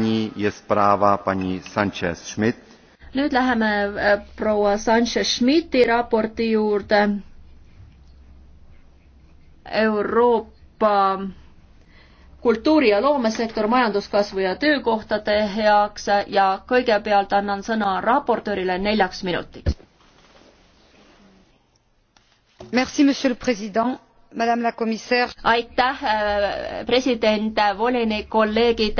nüüd läheme äh, proua Sanchez-Schmidti raporti juurde. Euroopa kultuuri- ja loomesektor majanduskasvu ja töökohtade heaks ja kõigepealt annan sõna raportöörile neljaks minutiks. Merci, monsieur le president madame la commissaire aitäh äh, president volinik kolleegid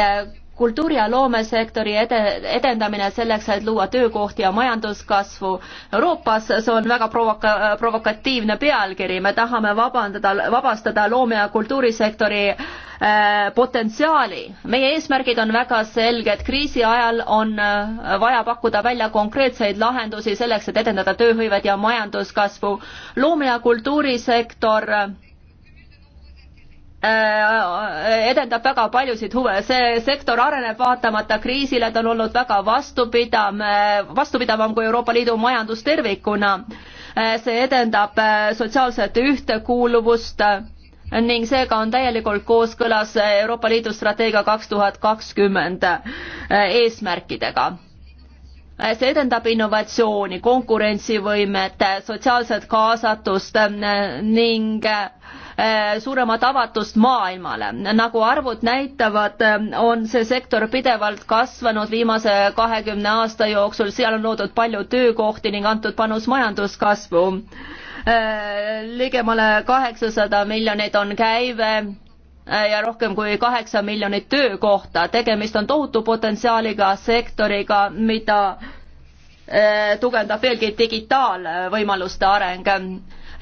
kultuuri- ja loomesektori ede-, edendamine selleks, et luua töökohti ja majanduskasvu. Euroopas see on väga provoka-, provokatiivne pealkiri, me tahame vabandada, vabastada loome- ja kultuurisektori äh, potentsiaali. meie eesmärgid on väga selged, kriisi ajal on äh, vaja pakkuda välja konkreetseid lahendusi selleks, et edendada tööhõivet ja majanduskasvu. loome- ja kultuurisektor Äh, äh, edendab väga paljusid huve, see sektor areneb vaatamata kriisile, ta on olnud väga vastupidav, äh, vastupidavam kui Euroopa Liidu majandus tervikuna. see edendab sotsiaalset ühtekuuluvust ning seega on täielikult kooskõlas Euroopa Liidu strateegia kaks tuhat kakskümmend eesmärkidega see edendab innovatsiooni, konkurentsivõimet, sotsiaalset kaasatust ning äh, Äh, suuremat avatust maailmale. nagu arvud näitavad, äh, on see sektor pidevalt kasvanud viimase kahekümne aasta jooksul, seal on loodud palju töökohti ning antud panus majanduskasvu. Äh, ligemale kaheksasada miljonit on käive ja rohkem kui kaheksa miljonit töökohta. tegemist on tohutu potentsiaaliga sektoriga, mida tugevdab veelgi digitaalvõimaluste areng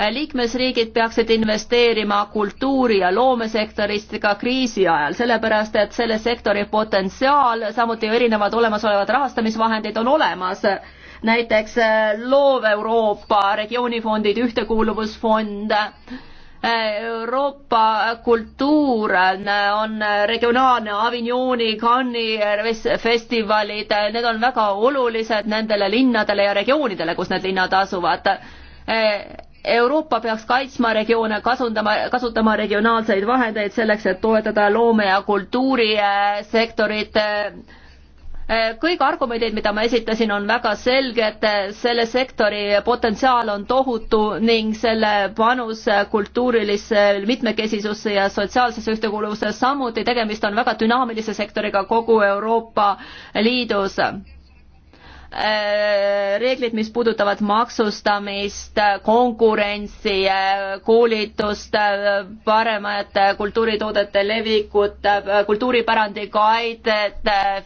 liikmesriigid peaksid investeerima kultuuri ja loomesektorist ka kriisi ajal, sellepärast et selle sektori potentsiaal, samuti erinevad olemasolevad rahastamisvahendid on olemas näiteks äh, Loov Euroopa regioonifondid, ühtekuuluvusfond. Äh, Euroopa kultuur äh, on regionaalne Avignoni, Cannes'i festivalid, need on väga olulised nendele linnadele ja regioonidele, kus need linnad asuvad Euroopa peaks kaitsma regioone, kasutama, kasutama regionaalseid vahendeid selleks, et toetada loome- ja kultuurisektorit. kõik argumendid, mida ma esitasin, on väga selged, selle sektori potentsiaal on tohutu ning selle panus kultuurilisse mitmekesisusse ja sotsiaalsesse ühtekuuluvusse samuti, tegemist on väga dünaamilise sektoriga kogu Euroopa Liidus Äh, reeglid, mis puudutavad maksustamist, konkurentsi, äh, koolitust, äh, paremat kultuuritoodete levikut, kultuuripärandi kaitset,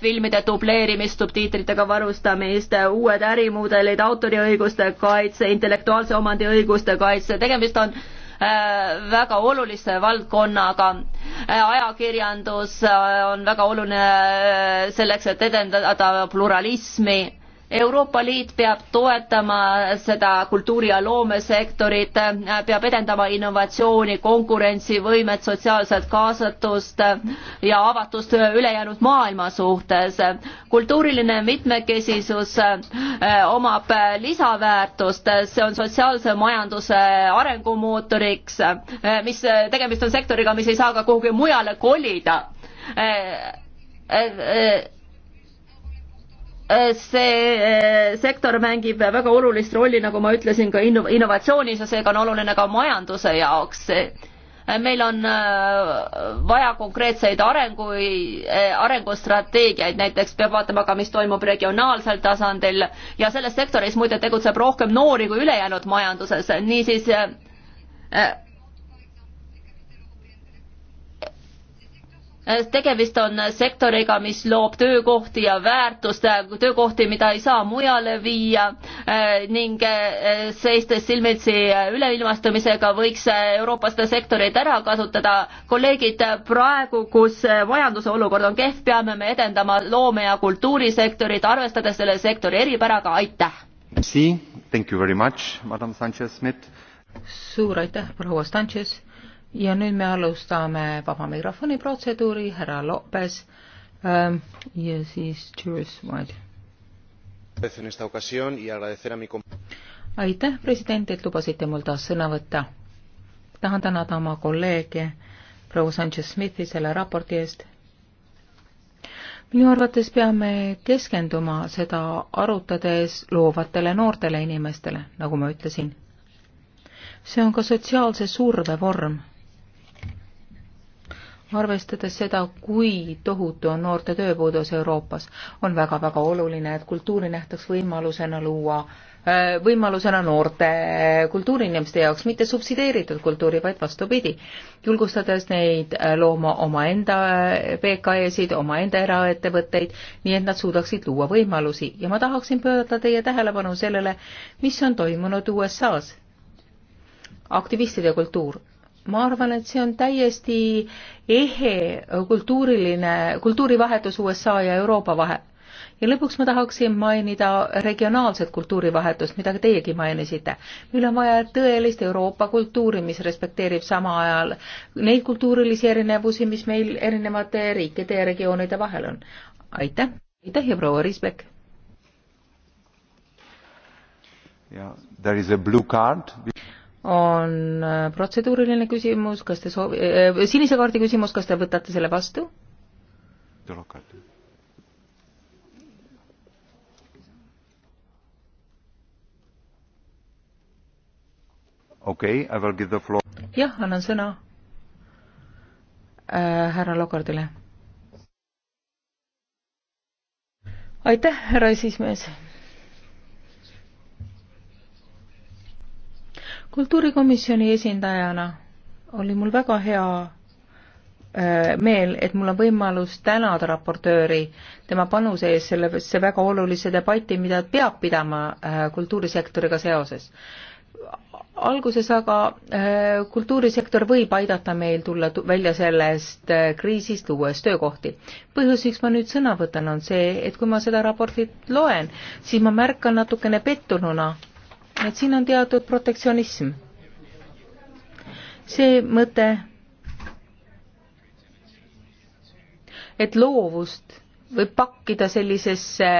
filmide dubleerimist, subtiitritega varustamist, uued ärimudelid, autoriõiguste kaitse, intellektuaalse omandiõiguste kaitse, tegemist on väga olulise valdkonnaga. ajakirjandus on väga oluline selleks, et edendada pluralismi Euroopa Liit peab toetama seda kultuuri- ja loomesektorit, peab edendama innovatsiooni, konkurentsivõimet, sotsiaalset kaasatust ja avatust ülejäänud maailma suhtes. kultuuriline mitmekesisus eh, omab lisaväärtust, see on sotsiaalse majanduse arengumootoriks, eh, mis, tegemist on sektoriga, mis ei saa ka kuhugi mujale kolida eh, Eh, see eh, sektor mängib väga olulist rolli, nagu ma ütlesin, ka inno-, innovatsioonis ja seega on oluline ka majanduse jaoks. Eh, meil on vaja konkreetseid arengu, arengustrateegiaid, näiteks peab vaatama ka, mis toimub regionaalsel tasandil ja selles sektoris muide tegutseb rohkem noori kui ülejäänud majanduses, niisiis Äh, tegemist on sektoriga, mis loob töökohti ja väärtust, äh, töökohti, mida ei saa mujale viia äh, ning seistes silmitsi üleilmastumisega võiks Euroopa seda sektorit ära kasutada. kolleegid, praegu, kus majanduse olukord on kehv, peame me edendama loome- ja kultuurisektorit, arvestades selle sektori eripäraga, aitäh! suur aitäh, proua Sanchez! ja nüüd me alustame vaba mikrofoni protseduuri, härra Lopes ähm, ja siis Jules White. aitäh, president, et lubasite mul taas sõna võtta. tahan tänada oma kolleege proua Sanchez-Smithi selle raporti eest. minu arvates peame keskenduma seda arutades loovatele noortele inimestele, nagu ma ütlesin. see on ka sotsiaalse surve vorm arvestades seda, kui tohutu on noorte tööpuudus Euroopas, on väga-väga oluline, et kultuuri nähtaks võimalusena luua, äh, võimalusena noorte kultuuriinimeste jaoks, mitte subsideeritud kultuuri, vaid vastupidi, julgustades neid äh, looma omaenda VKE-sid, äh, omaenda eraettevõtteid, nii et nad suudaksid luua võimalusi ja ma tahaksin pöörata teie tähelepanu sellele, mis on toimunud USA-s. aktivistide kultuur ma arvan, et see on täiesti ehe kultuuriline, kultuurivahetus USA ja Euroopa vahel. ja lõpuks ma tahaksin mainida regionaalset kultuurivahetust, mida ka teiegi mainisite. meil on vaja tõelist Euroopa kultuuri, mis respekteerib sama ajal neid kultuurilisi erinevusi, mis meil erinevate riikide ja regioonide vahel on. aitäh, aitäh ja proua Riisbek! Yeah, there is a blue card on äh, protseduuriline küsimus, kas te soovi- äh, äh,, sinise kaardi küsimus, kas te võtate selle vastu? okei okay,, I will give the floor. jah, annan sõna äh, härra Lokardile. aitäh, härra esimees kultuurikomisjoni esindajana oli mul väga hea äh, meel, et mul on võimalus tänada raportööri tema panuse eest sellesse väga olulise debati, mida peab pidama äh, kultuurisektoriga seoses. alguses aga äh, kultuurisektor võib aidata meil tulla välja sellest kriisist, luues töökohti. põhjus, miks ma nüüd sõna võtan, on see, et kui ma seda raportit loen, siis ma märkan natukene pettununa, et siin on teatud protektsionism. see mõte, et loovust võib pakkida sellisesse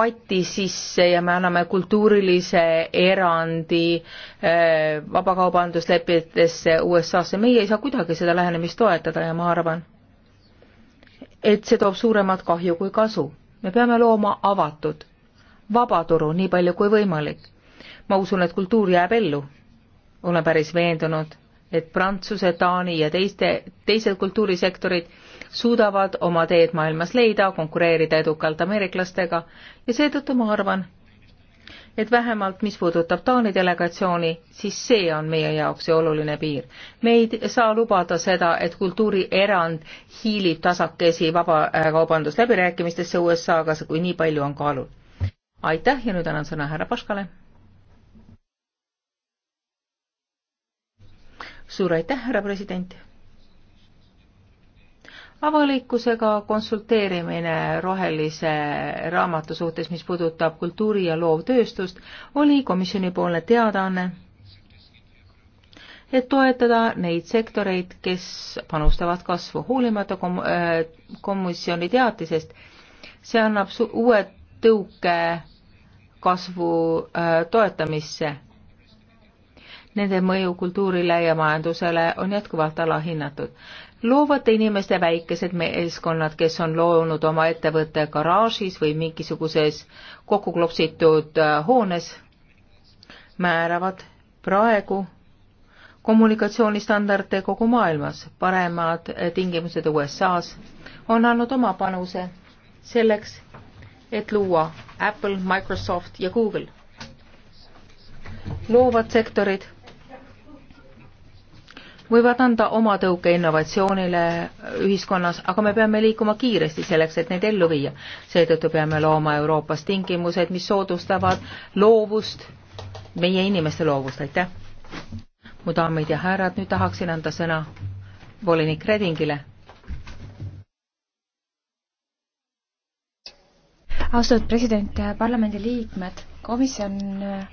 vati sisse ja me anname kultuurilise erandi äh, vabakaubanduslepetesse USA-sse, meie ei saa kuidagi seda lähenemist toetada ja ma arvan, et see toob suuremat kahju kui kasu. me peame looma avatud vabaturu nii palju kui võimalik. ma usun, et kultuur jääb ellu. olen päris veendunud, et Prantsuse, Taani ja teiste, teised kultuurisektorid suudavad oma teed maailmas leida, konkureerida edukalt ameeriklastega ja seetõttu ma arvan, et vähemalt mis puudutab Taani delegatsiooni, siis see on meie jaoks see oluline piir. me ei saa lubada seda, et kultuurierand hiilib tasakesi vabakaubandusläbirääkimistesse USA-ga, kui nii palju on kaalul aitäh ja nüüd annan sõna härra Paškale. suur aitäh, härra president. avalikkusega konsulteerimine rohelise raamatu suhtes, mis puudutab kultuuri ja loovtööstust, oli komisjonipoolne teadaanne, et toetada neid sektoreid, kes panustavad kasvu, hoolimata kom-, äh, komisjoni teatisest, see annab su-, uue tõuke kasvu äh, toetamisse. Nende mõju kultuurile ja majandusele on jätkuvalt alahinnatud. loovate inimeste väikesed meeskonnad, kes on loonud oma ettevõtte garaažis või mingisuguses kokku klopsitud äh, hoones, määravad praegu kommunikatsioonistandarde kogu maailmas, paremad äh, tingimused USA-s on andnud oma panuse selleks, et luua Apple, Microsoft ja Google. loovad sektorid võivad anda oma tõuke innovatsioonile ühiskonnas, aga me peame liikuma kiiresti selleks, et neid ellu viia. seetõttu peame looma Euroopas tingimused, mis soodustavad loovust, meie inimeste loovust, aitäh! mu daamid ja härrad, nüüd tahaksin anda sõna volinik Redingile austatud president, äh, parlamendiliikmed, komisjon äh,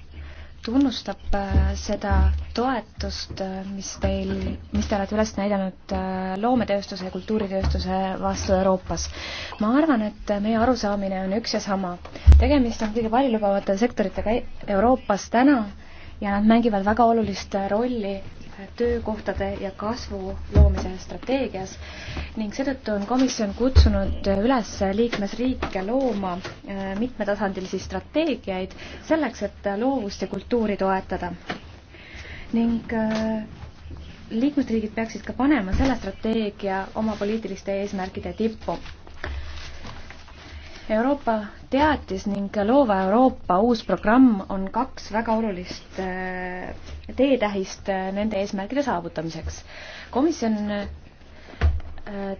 tunnustab äh, seda toetust, mis teil, mis te olete üles näidanud loometööstuse ja kultuuritööstuse vastu Euroopas. ma arvan, et meie arusaamine on üks ja sama. tegemist on kõige paljulubavate sektoritega Euroopas täna ja nad mängivad väga olulist rolli töökohtade ja kasvu loomise strateegias ning seetõttu on komisjon kutsunud üles liikmesriike looma äh, mitmetasandilisi strateegiaid selleks, et loovust ja kultuuri toetada. ning äh, liikmesriigid peaksid ka panema selle strateegia oma poliitiliste eesmärkide tippu Euroopa teatis ning Loova Euroopa uus programm on kaks väga olulist äh, teetähist äh, nende eesmärkide saavutamiseks. komisjon äh,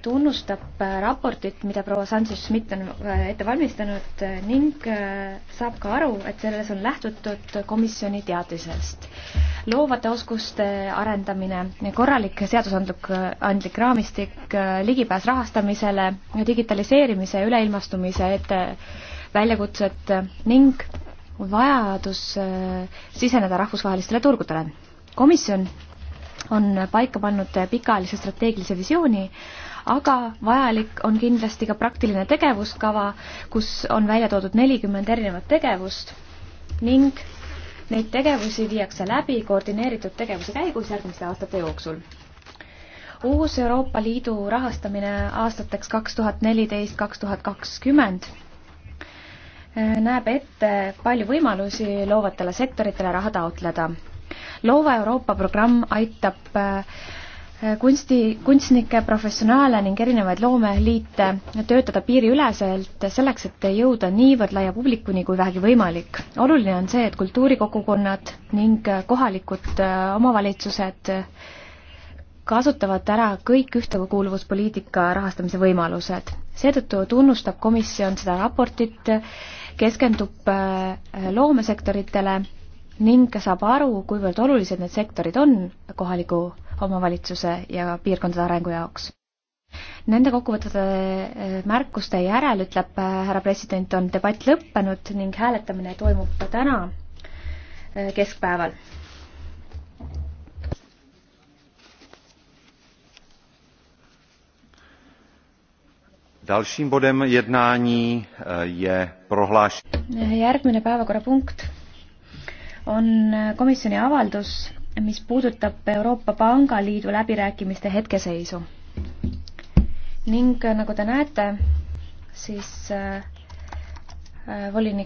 tunnustab äh, raportit, mida proua Sanchez-Schmidt on ette valmistanud ning saab ka aru, et selles on lähtutud komisjoni teadmisest. loovate oskuste arendamine, korralik seadusandlik, andlik raamistik, ligipääs rahastamisele, digitaliseerimise, üleilmastumise ette väljakutsed ning vajadus äh, siseneda rahvusvahelistele turgudele. komisjon on paika pannud pikaajalise strateegilise visiooni, aga vajalik on kindlasti ka praktiline tegevuskava, kus on välja toodud nelikümmend erinevat tegevust ning neid tegevusi viiakse läbi koordineeritud tegevuse käigus järgmiste aastate jooksul. uus Euroopa Liidu rahastamine aastateks kaks tuhat neliteist, kaks tuhat kakskümmend näeb ette palju võimalusi loovatele sektoritele raha taotleda. loova Euroopa programm aitab äh, kunsti, kunstnikke, professionaale ning erinevaid loomeliite töötada piiriüleselt selleks, et jõuda niivõrd laia publikuni kui vähegi võimalik. oluline on see, et kultuurikogukonnad ning kohalikud äh, omavalitsused kasutavad ära kõik ühtekuuluvuspoliitika rahastamise võimalused. seetõttu tunnustab komisjon seda raportit keskendub äh, loomesektoritele ning saab aru, kuivõrd olulised need sektorid on kohaliku omavalitsuse ja piirkondade arengu jaoks. Nende kokkuvõtete äh, märkuste järel, ütleb äh, härra president, on debatt lõppenud ning hääletamine toimub täna keskpäeval Dalším bodem jednání eh, je prohlášení. Järgmine päevakorrapunkt on komisjoni avaldus, mis puudutab Euroopa Pangaliidu läbirääkimiste hetkeseisu. ning nagu te näete, siis äh, volinik